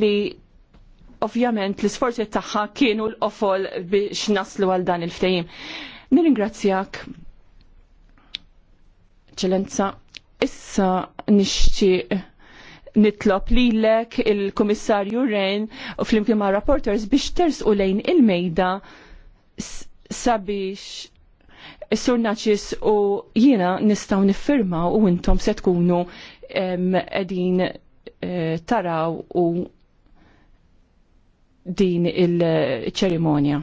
li ovvjament l-isforzi tagħha kienu l-qofol biex naslu għal dan il-ftehim. Nirringrazzjak, ċelenza, issa nixtieq nitlob lilek il-Komissarju Rejn u flimkien ma' rapporters biex tersqu lejn il-mejda sabiex Sur Naċis u jiena nistaw niffirmaw u intom se tkunu edin Eh, taraw u din il-ċerimonja.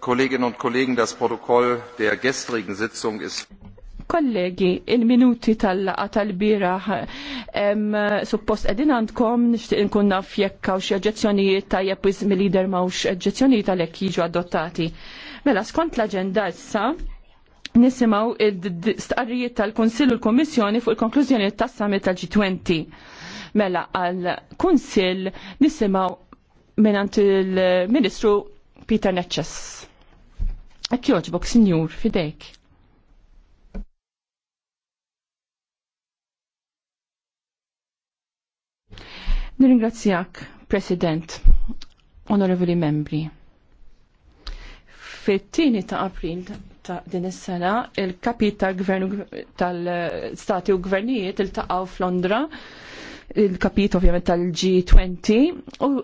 Kolleginnen und Kollegen, das Protokoll der gestrigen Sitzung ist kollegi, il-minuti tal-laqa tal-biraħ suppost edin għandkom nishtiq nkun naf jekk hawn ġezzjonijiet ta' tajjeb iżmi lider ġezzjonijiet tal għalhekk jiġu adottati. Mela skont l-aġenda issa nisimgħu id-stqarrijiet tal-Kunsill u l-Kummissjoni fuq il-konklużjoni tas-summit tal-G20. Mela għall kunsill nisimgħu minant il-Ministru Peter Neċess. Ek joġbok, sinjur, fidejk. Nirringrazzjak, President, onorevoli membri. Fit-tieni ta' april ta' din is-sena, il-kapi ta' gvern tal-stati u gvernijiet iltaqgħu f'Londra, il-kapit ovvjament tal-G20, u